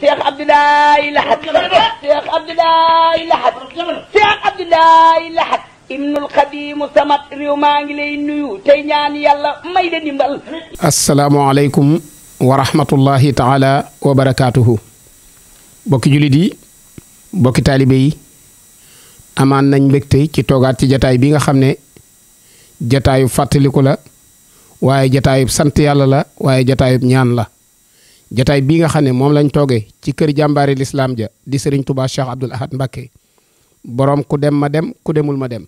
Cheikh Abdoulaye Lahad Cheikh Abdoulaye Lahad Cheikh wa barakaatuhu bokki jullit yi bokki taalibe yi amaan nañ mbégte ci toogaat ci jataay bi nga xam ne jataayu fàttaliku la waaye jataayub sant yàlla la waaye jataayub ñaan la jataay bii nga xam ne moom lañ toogee ci kër jàmbaari lislaam ja di sëriñ Touba Cheikh Abdoul Ahad Mbacké boroom ku dem ma dem ku demul ma dem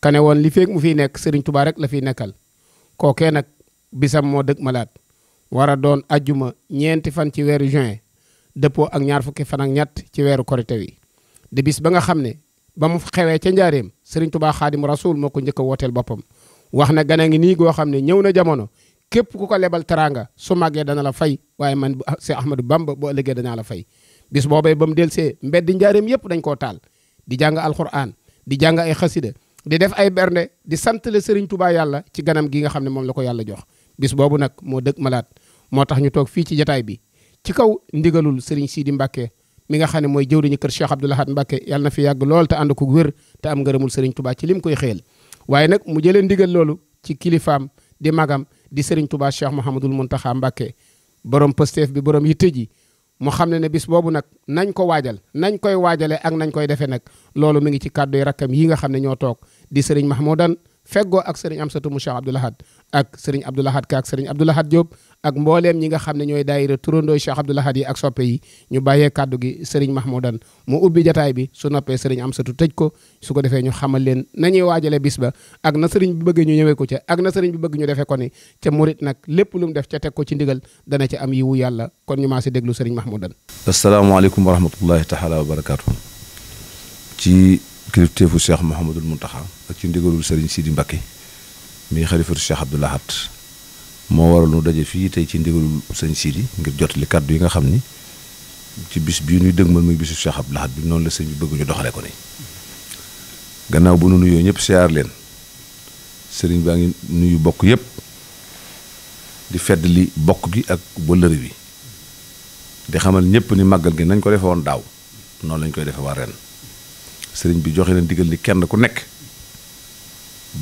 kane woon li feeg mu fiy nekk sëriñ Touba rek la fiy nekkal kookee nag bisam moo dëkk malaat war a doon ajjuma ñeenti fan ci weeru juin dëppoo ak ñaar fukki fan ak ñett ci weeru korite wi di bis ba nga xam ne ba mu xewee ca njaareem sëriñ Touba Xaadim Rasul moo ko njëkk wooteel boppam wax na gana ngi xam ne ñëw na jamono képp ku ko lebal teraanga su maggee dana la fay waaye man ah, Cheikh Ahmadou Bamba boo ëllëgee danaa la fay bis boobee ba mu delsee mbedd njaareem yëpp dañ koo taal di jàng alxuraan di jàng ay xasida di def ay bernde di santale le Serigne yàlla ci ganam gi nga xam ne moom la ko yàlla jox bis boobu nag moo dëkk malaat moo tax ñu toog fii ci jataay bi ci kaw ndigalul sii di Mbacke mi nga xam ne mooy jëwriñu kër Cheikh Abdoul Ahad Mbacke yàlla na fi yàgg lool te ànd ko wér te am ngërëmul Serigne Touba ci lim koy xeel waaye nag mu jëlee ndigal di magam di Serigne Touba Cheikh Mouhamadul Mountakha Mbacké borom pësteef bi borom yitte ji mu xam ne ne bis boobu nag nañ ko waajal nañ koy waajale ak nañ koy defee nag loolu mu ngi ci kàddu yi rakkam yi nga xam ne ñoo toog di Serigne Mahmoudan feggoo ak Serigne Amsatou mu Cheikh Abdoul Ahad ak Serigne Abdoul Ahad Ka ak Serigne Abdoul Ahad Diop ak mbooleem ñi nga xam ne ñooy daayira turandoo Cheikh Abdoul Ahad yi ak soppe yi ñu bàyyee kàddu gi sëriñ Mahmoudan mu ubbi jataay bi su noppee sëriñ Amsatu tëj ko su ko defee ñu xamal leen nañuy waajale bis ba ak na sëriñ bi bëgg ñu ñëwee ko ca ak na sëriñ bi bëgg ñu defee ko ni ca murit nag lépp lu mu def ca teg ko ci ndigal dana ci am yiwu yàlla kon ñu maa déglu sëriñ Mahmoudan asalaamaaleykum wa rahmatullahi taala wa barakaatu ci kilifteefu Cheikh Mouhamadul Mountakha ak ci ndigalul sëriñ Sidi Mbacké mi xalifatu Cheikh Abdoul Ahad moo waral nu daje fii tey ci ndigalul sëñ Sidi ngir jot li kàddu yi nga xam ni ci bis bii ñuy dëgmal muy bisu Cheikh Abdou bi noonu la sëñ bi bëgg ñu doxale ko ni gannaaw bu nu nuyoo ñëpp siyaar leen sëriñ baa ngi nuyu bokk yëpp di fedd li bokk gi ak bëllëri bi di xamal ñëpp ni màggal gi nañ ko defe daaw noonu lañ koy defe ren sëriñ bi joxe leen digal li kenn ku nekk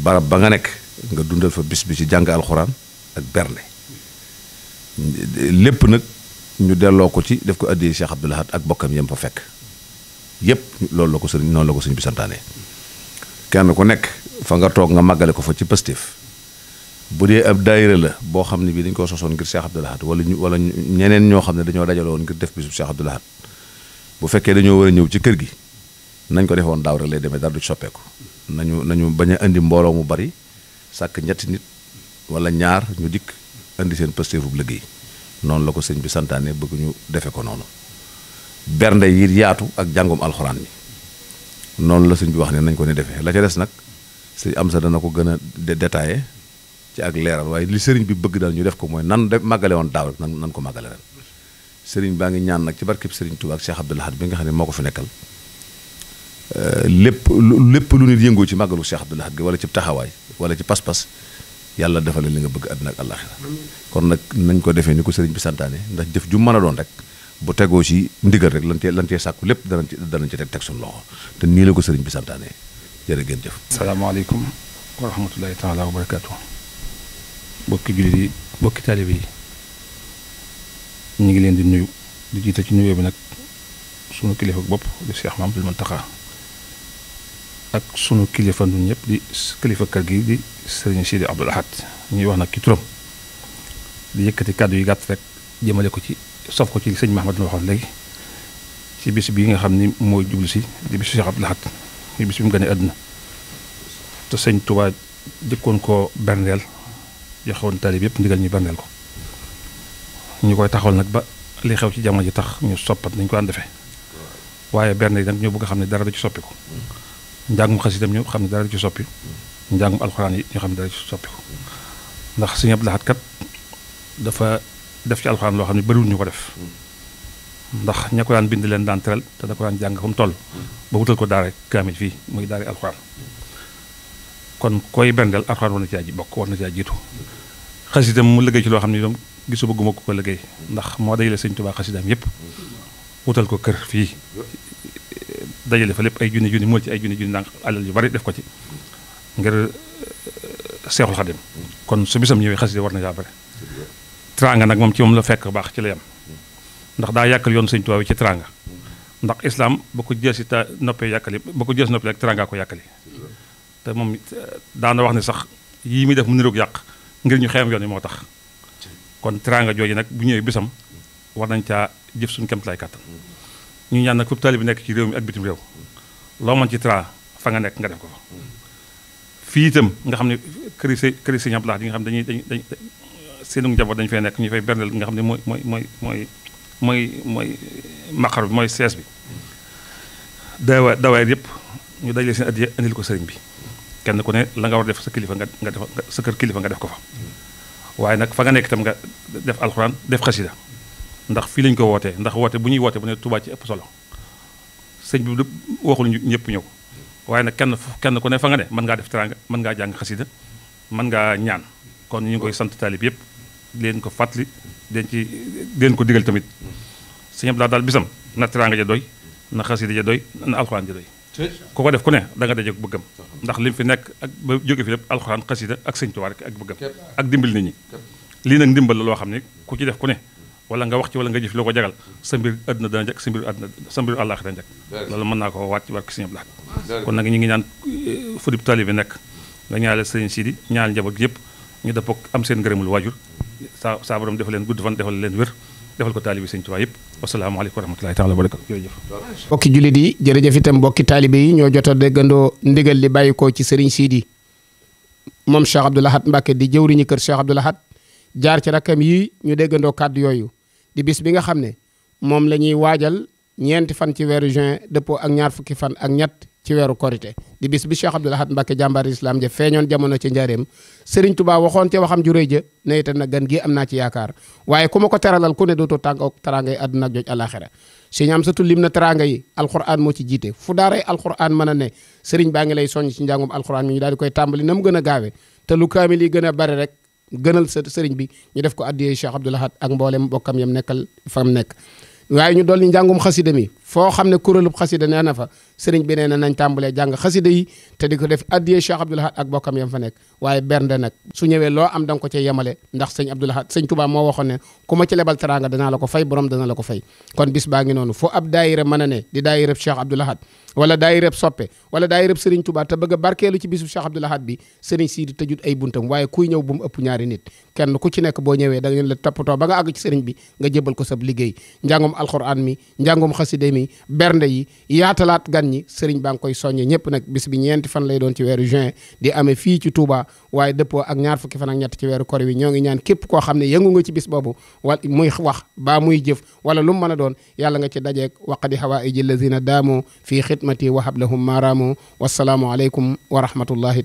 barab ba nga nekk nga dundal fa bis bi ci jàng alxuraan ak berne lépp nag ñu delloo ko ci def ko addee Cheikh Abdoul Ahad ak bokkam yam fa fekk yépp loolu la ko sëriñ noonu la ko sëriñ bi santaane kenn ku nekk fa nga toog nga màggale ko fa ci pastif bu dee ab daayira la boo xam ne bii dañ koo sosoon ngir Cheikh Abdoul Ahad wala ñu wala ñeneen ñoo xam ne dañoo dajaloon ngir def bisub seex Abdoul Ahad bu fekkee dañoo war a ñëw ci kër gi nañ ko defoon daaw rek lay demee dara du soppeeku nañu nañu bañ a indi mbooloo mu bari sàkk ñetti nit wala ñaar ñu dikk indi seen pastéefub liggéey noonu la ko sëñ bi santaane bëgg ñu defe ko noonu bernde yi yaatu ak jàngum alxuraan mi noonu la sëñ bi wax ne nañ ko ne defee la ca des nag sëñ am sa dana ko gën a detaaye ci ak leeral waaye li sëriñ bi bëgg daal ñu def ko mooy nan de daaw rek nan nan ko màggale ren sëriñ baa ngi ñaan nag ci barkeb sëriñ Tuubaa ak Cheikh Abdoul bi nga xam ne moo ko fi nekkal euh, lépp lépp lu nit yëngoo ci màggalu Cheikh Abdoul Ahad gi wala ci taxawaay wala ci pas yàlla defal li nga bëgg àddina ak àllaaxira kon nag nañ ko defee ni ko sëriñ bi santaane ndax jëf ju mën a doon rek bu tegoo ci ndigal rek lan cee lan cee sàkku lépp danañ ci danañ ci teg teg suñu loxo te nii la ko sëriñ bi santaane jërë ngeen jëf. salaamaaleykum wa rahmatulahi taala wa barakaatu. bokki jullit yi bokki taalibe yi ñu ngi leen di nuyu di jiite ci nuyoo bi nag sunu kilifa bopp di Cheikh Mamadou Mountakha. ak sunu kilifa nun ñëpp di kilifa kër gi di sëriñ Sidi Abdoul Ahad ñuy wax nag ci turam di yëkkati kàddu yi gàtt rek jëmale ko ci sof ko ci sëñ Mahamad na waxoon léegi ci bis bi nga xam ni mooy jublu si di bisu Cheikh Abdoul Ahad di bis bi mu gënee te sëñ Touba jëkkoon koo berneel joxewoon taalib yëpp ndigal ñu berneel ko ñu koy taxawal nag ba li xew ci jamono ji tax ñu soppat nañ ko daan defee waaye berneel yi nag ñoo bëgg a xam ne dara du ci ko njàngum xasitam ñu xam ne dara ci soppi njàngum alxuraan yi ñu xam ne dara ci soppi ndax sëñ Abdou Lahad kat dafa def ci alxuraan loo xam ne bëriwul ñu ko def ndax ña ko daan bind leen daan teral te da ko daan jàng fa mu toll ba wutal ko daara kaamil fii muy daara alxuraan kon koy bendel alxuraan war na caa ji bokk war na caa jiitu xasitam mu liggéey ci loo xam ne itam gisu bëgguma ko ko liggéey ndax moo day la sëñ Tuubaa xasitam yëpp wutal ko kër fii dajale fa lépp ay junni junni mool ci ay junni junni ndànk alal yu bari def ko ci ngir eh, seexul xadim kon su bisam ñëwee xasida war na caa bare teraanga nag moom ci moom la fekk baax ci la yam ndax daa yàkkal yoon sëñ Tuubaa wi ci teraanga ndax islam boo ko jees si ta noppee yàkkali ba ko jees noppee rek teraanga ko te moom eh, daana wax ne sax yii muy def mu niroog yàq ngir ñu xeem yoon yi moo tax kon teraanga jooju nag bu ñëwee bisam war nañ caa jëf suñ kemtalaay kàttan ñu ñaan nag fépp taalibe bi nekk ci réew mi ak bitim réew loo mën ci tra fa nga nekk nga def ko fa fii itam nga xam ne këri sëñ këri sëñ Abdou nga xam dañuy dañ seenu njaboot dañu fay nekk ñu fay berndeel nga xam ne mooy mooy mooy mooy mooy mooy maqar bi mooy sees bi dawa dawaayet yëpp ñu dajale seen addiya indil ko sëriñ bi kenn ku ne la nga war def sa kilifa nga nga def kër kilifa nga def ko fa waaye nag fa nga nekk itam nga def alxuraan def xasida ndax fii lañ ko wootee ndax woote bu ñuy wootee bu ne Touba ci ëpp solo sëñ bi waxul ñëpp ñëw waaye nag kenn kenn ku ne fa nga ne man ngaa def teraanga mën ngaa jàng xasida man ngaa ñaan kon ñu ngi koy sant taalib yëpp leen ko fàttali den ci leen ko digal tamit sëñ laa daal bisam na teraanga ja doy na xasida ja doy na alxuraan ja doy ku ko def ku ne da nga daje ak bëggam ndax lim fi nekk ak ba jóge fi lépp alxuraan xasida ak sëñ Tuubaa rek ak bëggam ak dimbal nit nag ndimbal la loo xam ne ku ci def ku ne wala nga wax ci wala nga jëf loo ko jagal sa mbir àdduna dana jag sa mbir àdduna sa mbir àllaaxira jag mën naa ko waat ci barke Sëñ kon nag ñu ngi ñaan eh, fu dib taalibe nekk nga ñaanal sëriñ Sidi ñaanal njaboot yëpp ñu dëppoo am seen ngërëmul waajur saa saa borom defal leen gudd fan defal leen wér defal ko taalibe sëñ Tuubaa yëpp wasalaamaaleykum wa rahmatulahi taala wa barakatu jërëjëf mbokki jullit yi jërëjëf itam mbokki taalibe yi ñoo jot a déggandoo ndigal li bàyyi ko ci sëriñ Sidi moom Cheikh Abdou Lahad Mbacké di jëwriñu kër Cheikh Abdou Lahad jaar ci rakkam yi ñu déggandoo kàddu yooyu di bis bi nga xam ne moom la ñuy waajal ñeenti fan ci weeru juin dëppoo ak ñaar fukki fan ak ñett ci weeru korite di bis bi Cheikh Abdoul Ahad Mbacke jàmbaar islam ja feeñoon jamono ci njaareem Serigne Touba waxoon ca waxam ju rëy ja ne nag gan gi am naa ci yaakaar waaye ku ma ko teralal ku ne dootoo tàngoog teraanga yi àdduna ak joj alaxira Serigne Amsatou lim na teraanga yi alquran moo ci jiite fu daaray alquran mën a ne Serigne baa ngi lay soññ ci njàngum alquran mi ñu daal di koy tàmbali na mu gën a gaawe te a bari rek gënal sa sëriñ bi ñu def ko addiyee Cheikh Abdoul Ahad ak mboolem mbokkam yam nekkal fam nekk waaye ñu dool dolli njàngum xasida mi foo xam ne kuréelub xasida nee na fa sëriñ bi nee na nañ tàmbalee jàng xasida yi te di ko def addiyee Cheikh Abdoul Ahad ak bokkam yam fa nekk waaye bernde nag su ñëwee loo am da nga ko cay yemale ndax sëñ Abdoul Ahad sëñ Touba moo waxoon ne ku ma ci lebal teraanga danaa la ko fay borom dana la ko fay kon bis baa ngi noonu foo ab daayira mën a ne di daayirab Cheikh Abdoul Ahad wala daayirab soppe wala daayirab sëriñ Touba te bëgg a barkeelu ci bisub Cheikh Abdoul Ahad bi sëriñ Sidi tëjut ay buntam waaye kuy ñëw bu mu ëpp ñaari nit kenn ku ci nekk boo ñëwee da ngeen la ba àgg ci sëriñ bi nga jébal ko sab liggéey njàngum alxuraan mi njàngum xasida mi yi bernde yi yaatalaat gan ñi sëriñ baa ngi soññe ñëpp nag bis bi ñeenti fan lay doon ci weeru juin di amee fii ci Touba waaye dëppoo ak ñaar fukki fan ak ñett ci weeru kor wi ñoo ngi ñaan képp ko xam ne yëngu nga ci bis boobu wala muy wax baa wala lu mu mën a doon yàlla nga ci dajeeg wa hablahum maaraamu wasalaamu aleykum wa rahmatullahi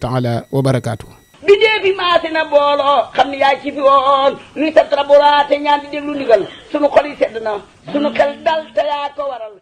na booloo xam ne yaa ci fi woon nuy sa traburaate ñaan di déglu ndigal sunu xol yi sedd na sunu xel dal te yaa ko waral